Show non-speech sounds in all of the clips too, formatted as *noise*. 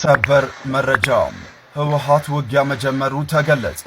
ሰበር መረጃ ህወሓት ውጊያ መጀመሩ ተገለጸ።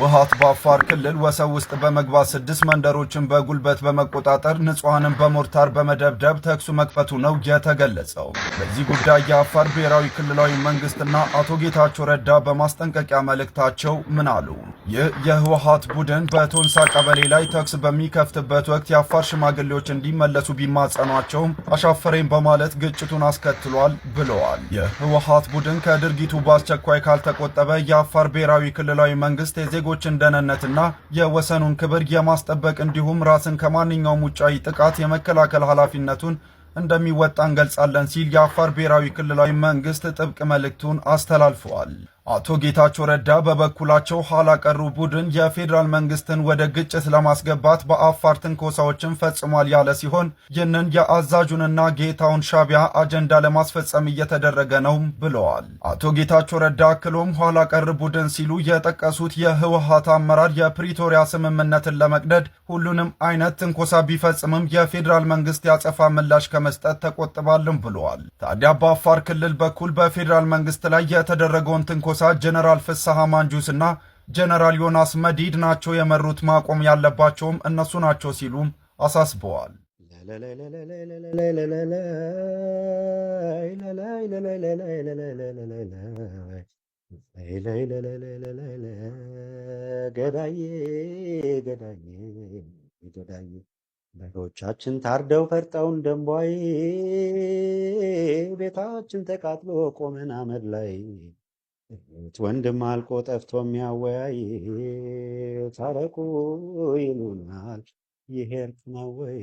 ህወሓት በአፋር ክልል ወሰብ ውስጥ በመግባት ስድስት መንደሮችን በጉልበት በመቆጣጠር ንጹሐንን በሞርታር በመደብደብ ተኩሱ መክፈቱ ነው የተገለጸው። በዚህ ጉዳይ የአፋር ብሔራዊ ክልላዊ መንግስትና አቶ ጌታቸው ረዳ በማስጠንቀቂያ መልእክታቸው ምን አሉ? ይህ የህወሓት ቡድን በቶንሳ ቀበሌ ላይ ተኩስ በሚከፍትበት ወቅት የአፋር ሽማግሌዎች እንዲመለሱ ቢማጸኗቸውም አሻፈረኝ በማለት ግጭቱን አስከትሏል ብለዋል። የህወሓት ቡድን ከድርጊቱ በአስቸኳይ ካልተቆጠበ የአፋር ብሔራዊ ክልላዊ መንግስት የዜጎችን ደህንነትና የወሰኑን ክብር የማስጠበቅ እንዲሁም ራስን ከማንኛውም ውጫዊ ጥቃት የመከላከል ኃላፊነቱን እንደሚወጣ እንገልጻለን ሲል የአፋር ብሔራዊ ክልላዊ መንግስት ጥብቅ መልእክቱን አስተላልፈዋል። አቶ ጌታቸው ረዳ በበኩላቸው ኋላ ቀሩ ቡድን የፌዴራል መንግስትን ወደ ግጭት ለማስገባት በአፋር ትንኮሳዎችን ፈጽሟል ያለ ሲሆን ይህንን የአዛዡንና ጌታውን ሻቢያ አጀንዳ ለማስፈጸም እየተደረገ ነው ብለዋል። አቶ ጌታቸው ረዳ አክሎም ኋላ ቀር ቡድን ሲሉ የጠቀሱት የህወሀት አመራር የፕሪቶሪያ ስምምነትን ለመቅደድ ሁሉንም አይነት ትንኮሳ ቢፈጽምም የፌዴራል መንግስት ያጸፋ ምላሽ ከመስጠት ተቆጥባልም ብለዋል። ታዲያ በአፋር ክልል በኩል በፌዴራል መንግስት ላይ የተደረገውን ትንኮ መነኮሳት ጀነራል ፍስሐ ማንጁስ እና ጀነራል ዮናስ መዲድ ናቸው የመሩት፣ ማቆም ያለባቸውም እነሱ ናቸው ሲሉም አሳስበዋል። ገዳዬ ገዳዬ በሮቻችን ታርደው ፈርጠው ደንቧይ ቤታችን ተቃጥሎ ቆመን አመድ ላይ ወንድም አልቆ ጠፍቶ የሚያወያይ ታረቁ ይሉናል ይሄርክ ነው ወይ?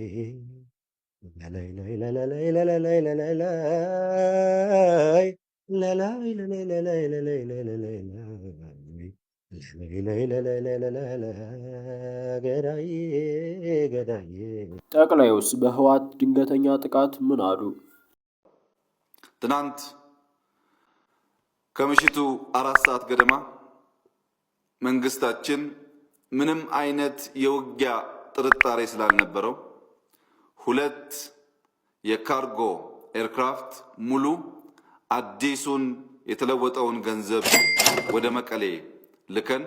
ጠቅላዩስ በህወሓት ድንገተኛ ጥቃት ምን አሉ? ትናንት ከምሽቱ አራት ሰዓት ገደማ መንግስታችን ምንም አይነት የውጊያ ጥርጣሬ ስላልነበረው ሁለት የካርጎ ኤርክራፍት ሙሉ አዲሱን የተለወጠውን ገንዘብ ወደ መቀሌ ልከን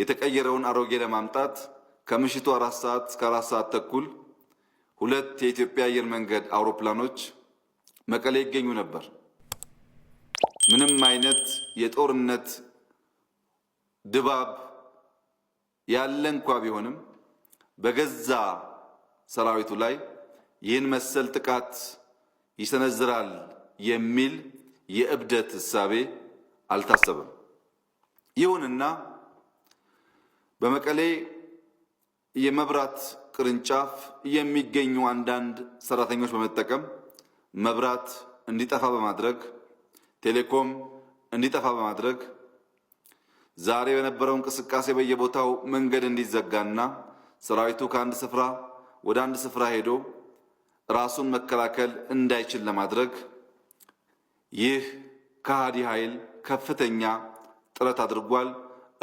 የተቀየረውን አሮጌ ለማምጣት ከምሽቱ አራት ሰዓት እስከ አራት ሰዓት ተኩል ሁለት የኢትዮጵያ አየር መንገድ አውሮፕላኖች መቀሌ ይገኙ ነበር። ምንም አይነት የጦርነት ድባብ ያለ እንኳ ቢሆንም በገዛ ሰራዊቱ ላይ ይህን መሰል ጥቃት ይሰነዝራል የሚል የእብደት እሳቤ አልታሰበም። ይሁንና በመቀሌ የመብራት ቅርንጫፍ የሚገኙ አንዳንድ ሰራተኞች በመጠቀም መብራት እንዲጠፋ በማድረግ ቴሌኮም እንዲጠፋ በማድረግ ዛሬ በነበረው እንቅስቃሴ በየቦታው መንገድ እንዲዘጋና ሰራዊቱ ከአንድ ስፍራ ወደ አንድ ስፍራ ሄዶ ራሱን መከላከል እንዳይችል ለማድረግ ይህ ከሃዲ ኃይል ከፍተኛ ጥረት አድርጓል፣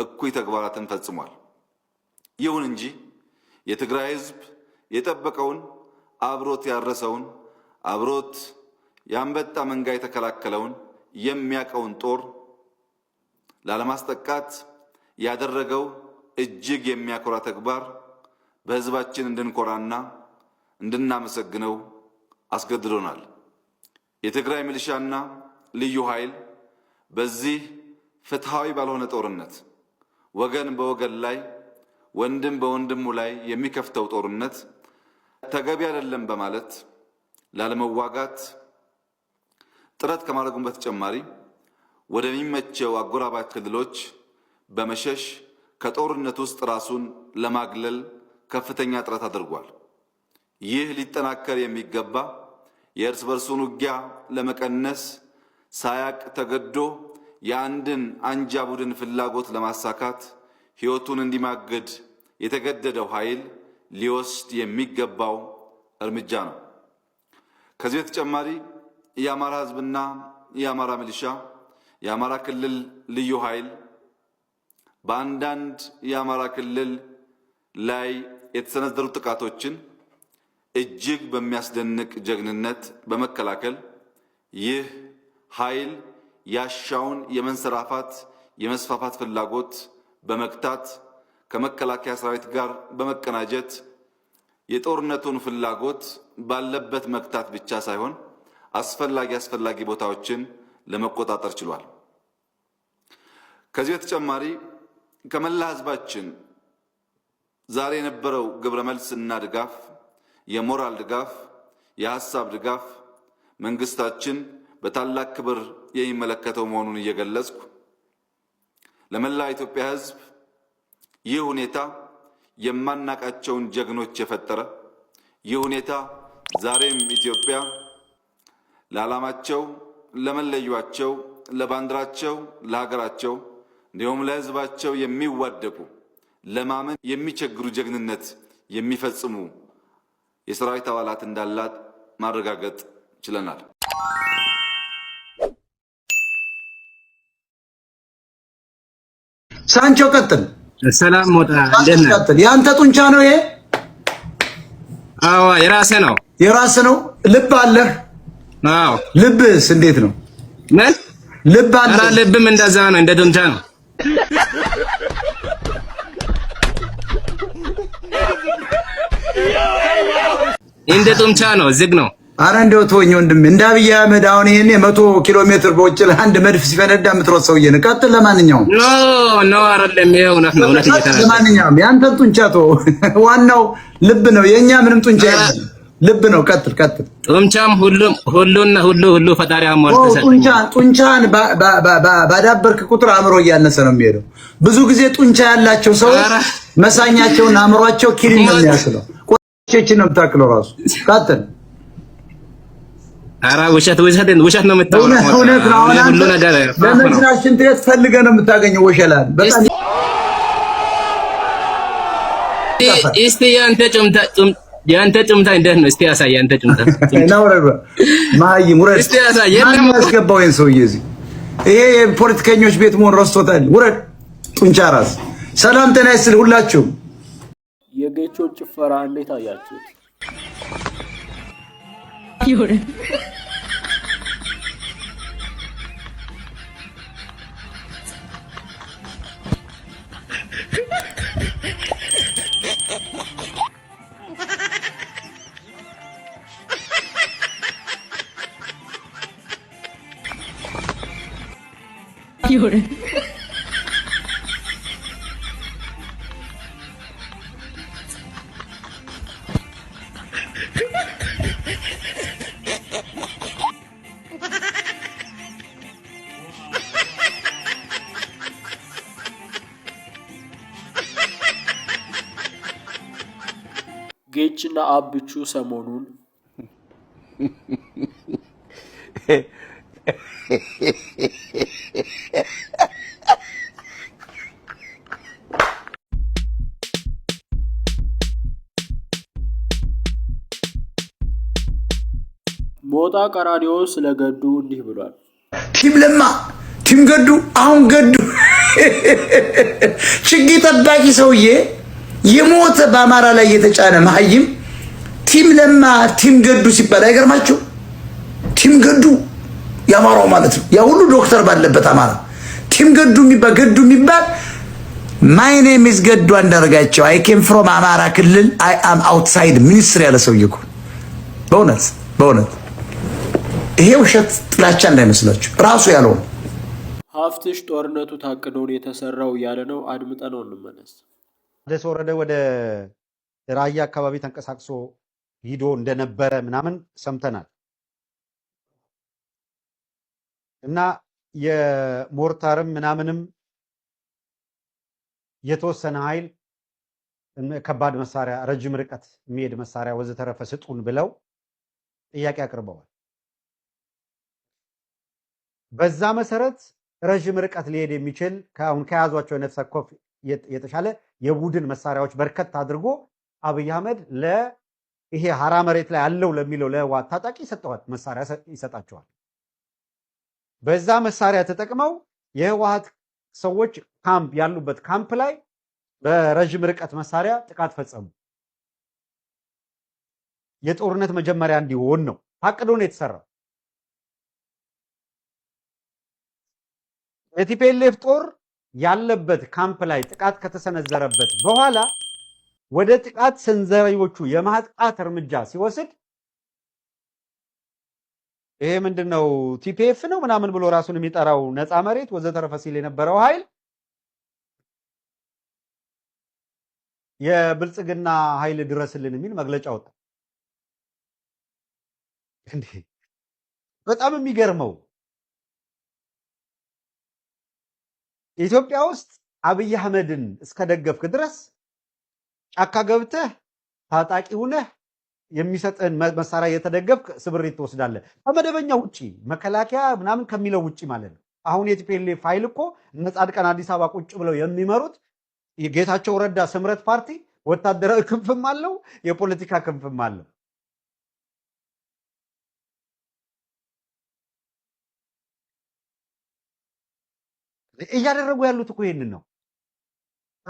እኩይ ተግባራትን ፈጽሟል። ይሁን እንጂ የትግራይ ህዝብ የጠበቀውን አብሮት ያረሰውን አብሮት የአንበጣ መንጋ የተከላከለውን የሚያቀውን ጦር ላለማስጠቃት ያደረገው እጅግ የሚያኮራ ተግባር በሕዝባችን እንድንኮራና እንድናመሰግነው አስገድዶናል። የትግራይ ሚሊሻና ልዩ ኃይል በዚህ ፍትሐዊ ባልሆነ ጦርነት ወገን በወገን ላይ ወንድም በወንድሙ ላይ የሚከፍተው ጦርነት ተገቢ አይደለም በማለት ላለመዋጋት ጥረት ከማድረጉም በተጨማሪ ወደሚመቸው አጎራባች ክልሎች በመሸሽ ከጦርነት ውስጥ ራሱን ለማግለል ከፍተኛ ጥረት አድርጓል። ይህ ሊጠናከር የሚገባ የእርስ በርሱን ውጊያ ለመቀነስ ሳያቅ ተገዶ የአንድን አንጃ ቡድን ፍላጎት ለማሳካት ሕይወቱን እንዲማግድ የተገደደው ኃይል ሊወስድ የሚገባው እርምጃ ነው። ከዚህ በተጨማሪ የአማራ ህዝብና የአማራ ሚሊሻ፣ የአማራ ክልል ልዩ ኃይል በአንዳንድ የአማራ ክልል ላይ የተሰነዘሩ ጥቃቶችን እጅግ በሚያስደንቅ ጀግንነት በመከላከል ይህ ኃይል ያሻውን የመንሰራፋት የመስፋፋት ፍላጎት በመግታት ከመከላከያ ሰራዊት ጋር በመቀናጀት የጦርነቱን ፍላጎት ባለበት መግታት ብቻ ሳይሆን አስፈላጊ አስፈላጊ ቦታዎችን ለመቆጣጠር ችሏል። ከዚህ በተጨማሪ ከመላ ህዝባችን ዛሬ የነበረው ግብረ መልስ እና ድጋፍ፣ የሞራል ድጋፍ፣ የሀሳብ ድጋፍ መንግስታችን በታላቅ ክብር የሚመለከተው መሆኑን እየገለጽኩ ለመላ ኢትዮጵያ ህዝብ ይህ ሁኔታ የማናቃቸውን ጀግኖች የፈጠረ ይህ ሁኔታ ዛሬም ኢትዮጵያ ለዓላማቸው፣ ለመለያቸው፣ ለባንዲራቸው፣ ለሀገራቸው እንዲሁም ለሕዝባቸው የሚዋደቁ ለማመን የሚቸግሩ ጀግንነት የሚፈጽሙ የሰራዊት አባላት እንዳላት ማረጋገጥ ችለናል። ሳንቸው ቀጥል። ሰላም ሞጣ እንደነህ ያንተ ጡንቻ ነው ይሄ? አዎ የራሴ ነው። የራስ ነው። ልብ አለህ። አዎ ልብስ እንዴት ነው? ልብ አለ። ልብም እንደዛ ነው፣ እንደ ዶንጃ ነው። እንደ ጡንቻ ነው፣ ዝግ ነው። አረ እንደው ተወኝ ወንድም፣ እንደ አብይ አህመድ አሁን ይሄን መቶ ኪሎ ሜትር በውጭ ለአንድ መድፍ ሲፈነዳ የምትሮጥ ሰውዬ ነው። ቀጥል። ለማንኛውም ኖ ኖ፣ አይደለም ይሄ እውነት ነው፣ እውነት ለማንኛውም፣ ያንተ ጡንቻ ተወው፣ ዋናው ልብ ነው። የኛ ምንም ጡንቻ የለም። ልብ ነው። ቀጥል ቀጥል። ጡንቻም ሁሉ ሁሉና ሁሉ ሁሉ ፈጣሪ አሟል ጡንቻን ባዳበርክ ቁጥር አእምሮ እያነሰ ነው የሚሄደው። ብዙ ጊዜ ጡንቻ ያላቸው ሰዎች መሳኛቸውን አእምሯቸው ኪሪን ነው የሚያስለው። ቆይቼችን ነው የምታክለው ራሱ። ቀጥል። ኧረ ውሸት ውሸት ውሸት ነው የምታወራው። እውነት ነው። አሁን ሽንት ቤት ፈልገህ ነው የምታገኘው። ወሸላል በጣም እስቲ ያንተ ጡንቻ የአንተ ጭምታ እንደት ነው? እስቲ ያሳይ። የአንተ ጭምታ *laughs* ያስገባው ይሄን ሰውዬ እዚህ ይሄ የፖለቲከኞች ቤት መሆን ረስቶታል። ውረድ ጡንቻ ራስ። ሰላም ጤና ይስጥልኝ ሁላችሁም። የጌቾች ጭፈራ እንዴት አያችሁት? 有人。ጌጭና አብቹ ሰሞኑን *laughs* ሞጣ ቀራዲዮ ስለ ገዱ እንዲህ ብሏል። ቲም ለማ ቲም ገዱ አሁን ገዱ ችግኝ ጠባቂ ሰውዬ የሞተ በአማራ ላይ የተጫነ መሀይም ቲም ለማ ቲም ገዱ ሲባል አይገርማችሁ? ቲም ገዱ የአማራው ማለት ነው። ያ ሁሉ ዶክተር ባለበት አማራ ቲም ገዱ የሚባል ገዱ የሚባል ማይ ኔም ኢዝ ገዱ አንዳርጋቸው አይ ኬም ፍሮም አማራ ክልል አይ አም አውትሳይድ ሚኒስትር ያለ ሰውዬ እኮ በእውነት በእውነት ይሄ ውሸት ጥላቻ እንዳይመስላችሁ ራሱ ያለው ሀፍትሽ ጦርነቱ ታቅዶን የተሰራው ያለ ነው። አድምጠነው እንመለስ። ደስ ወረደ ወደ ራያ አካባቢ ተንቀሳቅሶ ሂዶ እንደነበረ ምናምን ሰምተናል እና የሞርታርም ምናምንም የተወሰነ ኃይል ከባድ መሳሪያ፣ ረጅም ርቀት የሚሄድ መሳሪያ ወዘተረፈ ስጡን ብለው ጥያቄ አቅርበዋል። በዛ መሰረት ረዥም ርቀት ሊሄድ የሚችል አሁን ከያዟቸው የነፍስ ወከፍ የተሻለ የቡድን መሳሪያዎች በርከት አድርጎ አብይ አህመድ ይሄ ሀራ መሬት ላይ አለው ለሚለው ለህወሓት ታጣቂ ሰጠዋል፣ መሳሪያ ይሰጣቸዋል። በዛ መሳሪያ ተጠቅመው የህወሓት ሰዎች ካምፕ ያሉበት ካምፕ ላይ በረዥም ርቀት መሳሪያ ጥቃት ፈጸሙ። የጦርነት መጀመሪያ እንዲሆን ነው ታቅዶ ነው የተሰራው። የቲፒኤልኤፍ ጦር ያለበት ካምፕ ላይ ጥቃት ከተሰነዘረበት በኋላ ወደ ጥቃት ሰንዘሪዎቹ የማጥቃት እርምጃ ሲወስድ ይሄ ምንድን ነው ቲፒኤፍ ነው ምናምን ብሎ ራሱን የሚጠራው ነፃ መሬት ወዘተረፈ ሲል የነበረው ኃይል የብልጽግና ኃይል ድረስልን የሚል መግለጫ ወጣ። በጣም የሚገርመው ኢትዮጵያ ውስጥ አብይ አህመድን እስከደገፍክ ድረስ ጫካ ገብተህ ታጣቂ ሁነህ የሚሰጥህን መሳሪያ እየተደገፍክ ስብሪት ትወስዳለህ። ከመደበኛ ውጭ መከላከያ ምናምን ከሚለው ውጭ ማለት ነው። አሁን የቲፔሌ ፋይል እኮ እነ ጻድቃን አዲስ አበባ ቁጭ ብለው የሚመሩት የጌታቸው ረዳ ስምረት ፓርቲ ወታደራዊ *laughs* ክንፍም አለው፣ የፖለቲካ ክንፍም አለው። እያደረጉ ያሉት እኮ ይህንን ነው።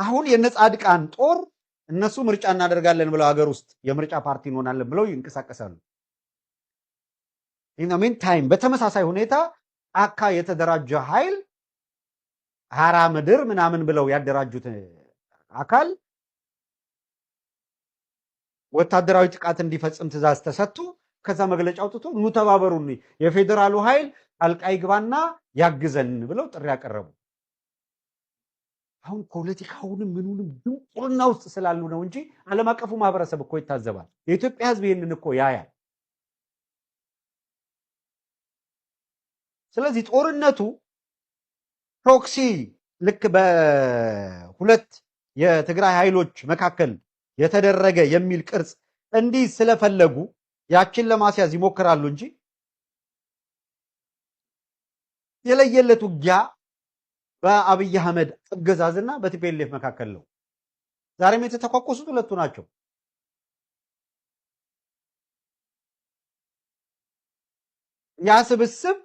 አሁን የነጻድቃን ጦር እነሱ ምርጫ እናደርጋለን ብለው ሀገር ውስጥ የምርጫ ፓርቲ እንሆናለን ብለው ይንቀሳቀሳሉ። ኢናሜን ታይም በተመሳሳይ ሁኔታ አካ የተደራጀ ኃይል ሀራ ምድር ምናምን ብለው ያደራጁት አካል ወታደራዊ ጥቃት እንዲፈጽም ትእዛዝ ተሰጥቶ ከዛ መግለጫ አውጥቶ ኑ ተባበሩን፣ የፌዴራሉ ኃይል ጣልቃ ይግባና ያግዘን ብለው ጥሪ ያቀረቡ አሁን ፖለቲካውንም ምኑንም ድንቁርና ውስጥ ስላሉ ነው እንጂ ዓለም አቀፉ ማህበረሰብ እኮ ይታዘባል። የኢትዮጵያ ህዝብ ይህንን እኮ ያያል። ስለዚህ ጦርነቱ ፕሮክሲ ልክ በሁለት የትግራይ ኃይሎች መካከል የተደረገ የሚል ቅርጽ እንዲህ ስለፈለጉ ያችን ለማስያዝ ይሞክራሉ እንጂ የለየለት ውጊያ በአብይ አህመድ አገዛዝና በቲፒኤልኤፍ መካከል ነው። ዛሬም የተተኳኮሱት ሁለቱ ናቸው። ያ ስብስብ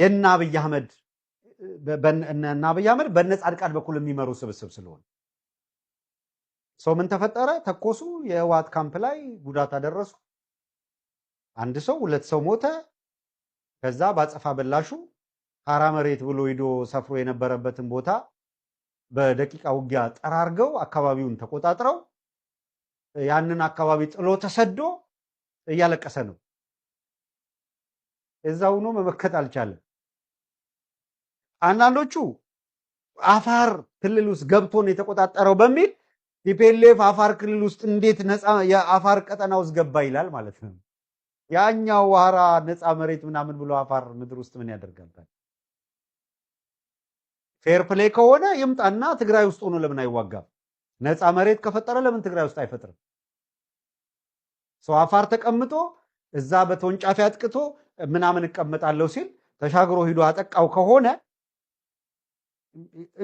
የእነ አብይ አህመድ በእነ አብይ አህመድ በእነ ጻድቃን በኩል የሚመሩ ስብስብ ስለሆነ ሰው ምን ተፈጠረ? ተኮሱ። የህወሓት ካምፕ ላይ ጉዳት አደረሱ። አንድ ሰው ሁለት ሰው ሞተ። ከዛ ባጸፋ በላሹ ሀራ መሬት ብሎ ሂዶ ሰፍሮ የነበረበትን ቦታ በደቂቃ ውጊያ ጠራርገው አካባቢውን ተቆጣጥረው ያንን አካባቢ ጥሎ ተሰዶ እያለቀሰ ነው። እዛ ሆኖ መመከት አልቻለም። አንዳንዶቹ አፋር ክልል ውስጥ ገብቶ ነው የተቆጣጠረው በሚል ቲፔሌፍ አፋር ክልል ውስጥ እንዴት ነፃ የአፋር ቀጠና ውስጥ ገባ ይላል ማለት ነው። ያኛው ዋራ ነፃ መሬት ምናምን ብሎ አፋር ምድር ውስጥ ምን ያደርጋበት? ፌር ፕሌይ ከሆነ ይምጣና ትግራይ ውስጥ ሆኖ ለምን አይዋጋም? ነፃ መሬት ከፈጠረ ለምን ትግራይ ውስጥ አይፈጥርም? ሰው አፋር ተቀምጦ እዛ በተወንጫፊ አጥቅቶ ምናምን እቀመጣለሁ ሲል ተሻግሮ ሂዶ አጠቃው ከሆነ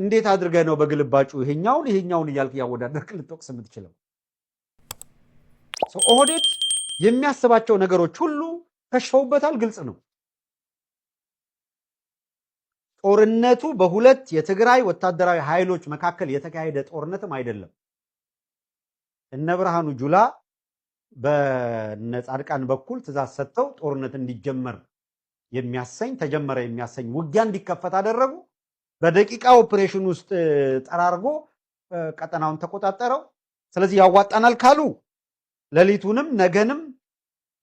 እንዴት አድርገ ነው በግልባጩ ይሄኛውን ይሄኛውን እያልክ እያወዳደርክ ልትወቅስ የምትችለው? ኦህዴድ የሚያስባቸው ነገሮች ሁሉ ከሽፈውበታል። ግልጽ ነው። ጦርነቱ በሁለት የትግራይ ወታደራዊ ኃይሎች መካከል የተካሄደ ጦርነትም አይደለም። እነ ብርሃኑ ጁላ በነጻድቃን በኩል ትእዛዝ ሰጥተው ጦርነት እንዲጀመር የሚያሰኝ ተጀመረ የሚያሰኝ ውጊያ እንዲከፈት አደረጉ። በደቂቃ ኦፕሬሽን ውስጥ ጠራርጎ ቀጠናውን ተቆጣጠረው። ስለዚህ ያዋጣናል ካሉ ሌሊቱንም ነገንም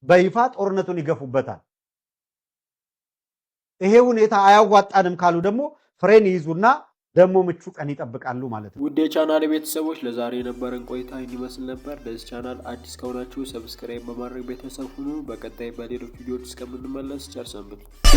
በይፋ ጦርነቱን ይገፉበታል። ይሄ ሁኔታ አያዋጣንም ካሉ ደግሞ ፍሬን ይይዙና ደግሞ ምቹ ቀን ይጠብቃሉ ማለት ነው። ውድ የቻናል ቤተሰቦች ለዛሬ የነበረን ቆይታ እንዲመስል ነበር። ለዚህ ቻናል አዲስ ከሆናችሁ ሰብስክራይብ በማድረግ ቤተሰብ ሁኑ። በቀጣይ በሌሎች ቪዲዮዎች እስከምንመለስ ቸር ሰንብቱ።